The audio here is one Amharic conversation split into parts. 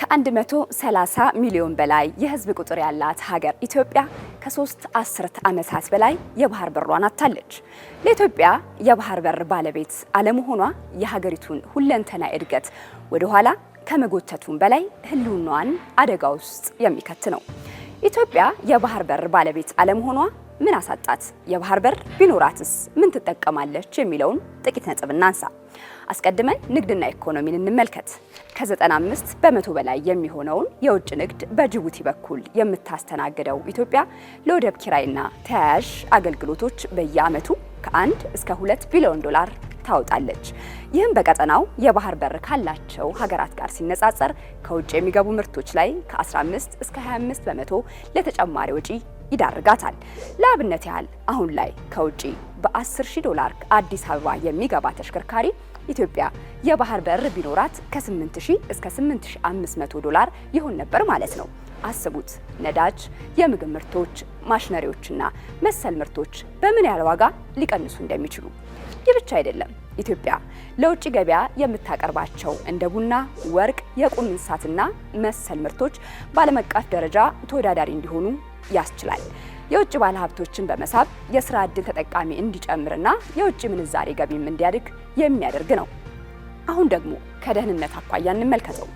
ከ130 ሚሊዮን በላይ የህዝብ ቁጥር ያላት ሀገር ኢትዮጵያ ከሶስት አስርት ዓመታት በላይ የባህር በሯን አታለች። ለኢትዮጵያ የባህር በር ባለቤት አለመሆኗ የሀገሪቱን ሁለንተና እድገት ወደኋላ ከመጎተቱም በላይ ህልውናዋን አደጋ ውስጥ የሚከት ነው። ኢትዮጵያ የባህር በር ባለቤት አለመሆኗ ምን አሳጣት? የባህር በር ቢኖራትስ ምን ትጠቀማለች? የሚለውን ጥቂት ነጥብ እናንሳ። አስቀድመን ንግድና ኢኮኖሚን እንመልከት። ከ95 በመቶ በላይ የሚሆነውን የውጭ ንግድ በጅቡቲ በኩል የምታስተናግደው ኢትዮጵያ ለወደብ ኪራይና ተያያዥ አገልግሎቶች በየዓመቱ ከአንድ እስከ ሁለት ቢሊዮን ዶላር ታወጣለች። ይህም በቀጠናው የባህር በር ካላቸው ሀገራት ጋር ሲነጻጸር ከውጭ የሚገቡ ምርቶች ላይ ከ15 እስከ 25 በመቶ ለተጨማሪ ወጪ ይዳርጋታል። ለአብነት ያህል አሁን ላይ ከውጪ በ10 ሺህ ዶላር አዲስ አበባ የሚገባ ተሽከርካሪ ኢትዮጵያ የባህር በር ቢኖራት ከ8000 እስከ 8500 ዶላር ይሆን ነበር ማለት ነው። አስቡት ነዳጅ፣ የምግብ ምርቶች፣ ማሽነሪዎችና መሰል ምርቶች በምን ያህል ዋጋ ሊቀንሱ እንደሚችሉ። ይህ ብቻ አይደለም። ኢትዮጵያ ለውጭ ገበያ የምታቀርባቸው እንደ ቡና፣ ወርቅ፣ የቁም እንስሳትና መሰል ምርቶች በዓለም አቀፍ ደረጃ ተወዳዳሪ እንዲሆኑ ያስችላል። የውጭ ባለሀብቶችን በመሳብ የስራ ዕድል ተጠቃሚ እንዲጨምርና የውጭ ምንዛሬ ገቢም እንዲያድግ የሚያደርግ ነው። አሁን ደግሞ ከደህንነት አኳያ እንመልከተው።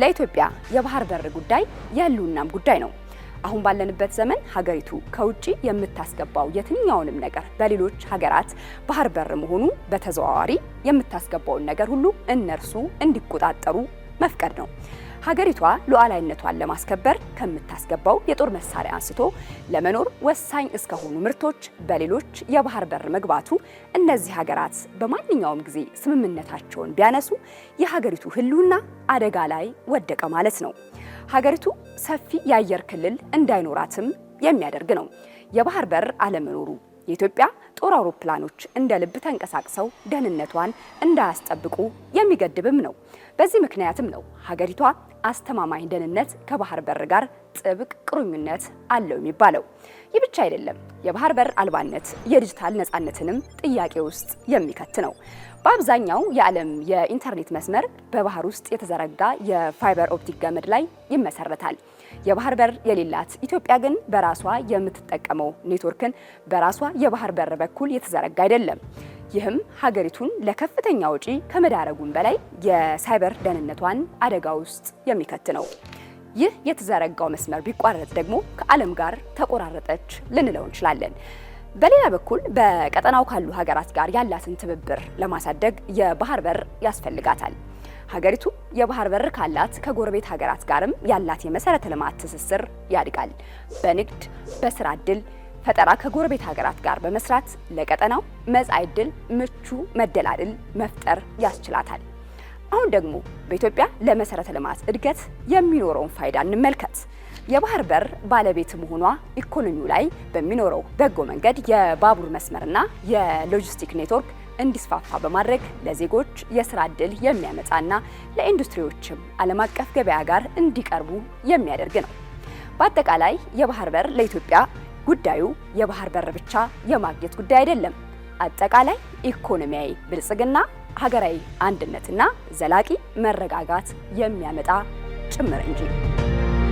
ለኢትዮጵያ የባህር በር ጉዳይ የህልውናም ጉዳይ ነው። አሁን ባለንበት ዘመን ሀገሪቱ ከውጭ የምታስገባው የትኛውንም ነገር በሌሎች ሀገራት ባህር በር መሆኑ በተዘዋዋሪ የምታስገባውን ነገር ሁሉ እነርሱ እንዲቆጣጠሩ መፍቀድ ነው። ሀገሪቷ ሉዓላዊነቷን ለማስከበር ከምታስገባው የጦር መሳሪያ አንስቶ ለመኖር ወሳኝ እስከሆኑ ምርቶች በሌሎች የባህር በር መግባቱ እነዚህ ሀገራት በማንኛውም ጊዜ ስምምነታቸውን ቢያነሱ የሀገሪቱ ሕልውና አደጋ ላይ ወደቀ ማለት ነው። ሀገሪቱ ሰፊ የአየር ክልል እንዳይኖራትም የሚያደርግ ነው የባህር በር አለመኖሩ የኢትዮጵያ ጦር አውሮፕላኖች እንደ ልብ ተንቀሳቅሰው ደህንነቷን እንዳያስጠብቁ የሚገድብም ነው። በዚህ ምክንያትም ነው ሀገሪቷ አስተማማኝ ደህንነት ከባህር በር ጋር ጥብቅ ቁርኝነት አለው የሚባለው። ይህ ብቻ አይደለም። የባህር በር አልባነት የዲጂታል ነፃነትንም ጥያቄ ውስጥ የሚከት ነው። በአብዛኛው የዓለም የኢንተርኔት መስመር በባህር ውስጥ የተዘረጋ የፋይበር ኦፕቲክ ገመድ ላይ ይመሰረታል። የባህር በር የሌላት ኢትዮጵያ ግን በራሷ የምትጠቀመው ኔትወርክን በራሷ የባህር በር በኩል የተዘረጋ አይደለም። ይህም ሀገሪቱን ለከፍተኛ ወጪ ከመዳረጉም በላይ የሳይበር ደህንነቷን አደጋ ውስጥ የሚከት ነው። ይህ የተዘረጋው መስመር ቢቋረጥ ደግሞ ከዓለም ጋር ተቆራረጠች ልንለው እንችላለን። በሌላ በኩል በቀጠናው ካሉ ሀገራት ጋር ያላትን ትብብር ለማሳደግ የባህር በር ያስፈልጋታል። ሀገሪቱ የባህር በር ካላት ከጎረቤት ሀገራት ጋርም ያላት የመሰረተ ልማት ትስስር ያድጋል። በንግድ፣ በስራ እድል። ፈጠራ ከጎረቤት ሀገራት ጋር በመስራት ለቀጠናው መጻኢ ዕድል ምቹ መደላድል መፍጠር ያስችላታል። አሁን ደግሞ በኢትዮጵያ ለመሰረተ ልማት እድገት የሚኖረውን ፋይዳ እንመልከት። የባህር በር ባለቤት መሆኗ ኢኮኖሚው ላይ በሚኖረው በጎ መንገድ የባቡር መስመርና የሎጂስቲክ ኔትወርክ እንዲስፋፋ በማድረግ ለዜጎች የስራ ዕድል የሚያመጣና ለኢንዱስትሪዎችም ዓለም አቀፍ ገበያ ጋር እንዲቀርቡ የሚያደርግ ነው። በአጠቃላይ የባህር በር ለኢትዮጵያ ጉዳዩ የባህር በር ብቻ የማግኘት ጉዳይ አይደለም። አጠቃላይ ኢኮኖሚያዊ ብልጽግና፣ ሀገራዊ አንድነትና ዘላቂ መረጋጋት የሚያመጣ ጭምር እንጂ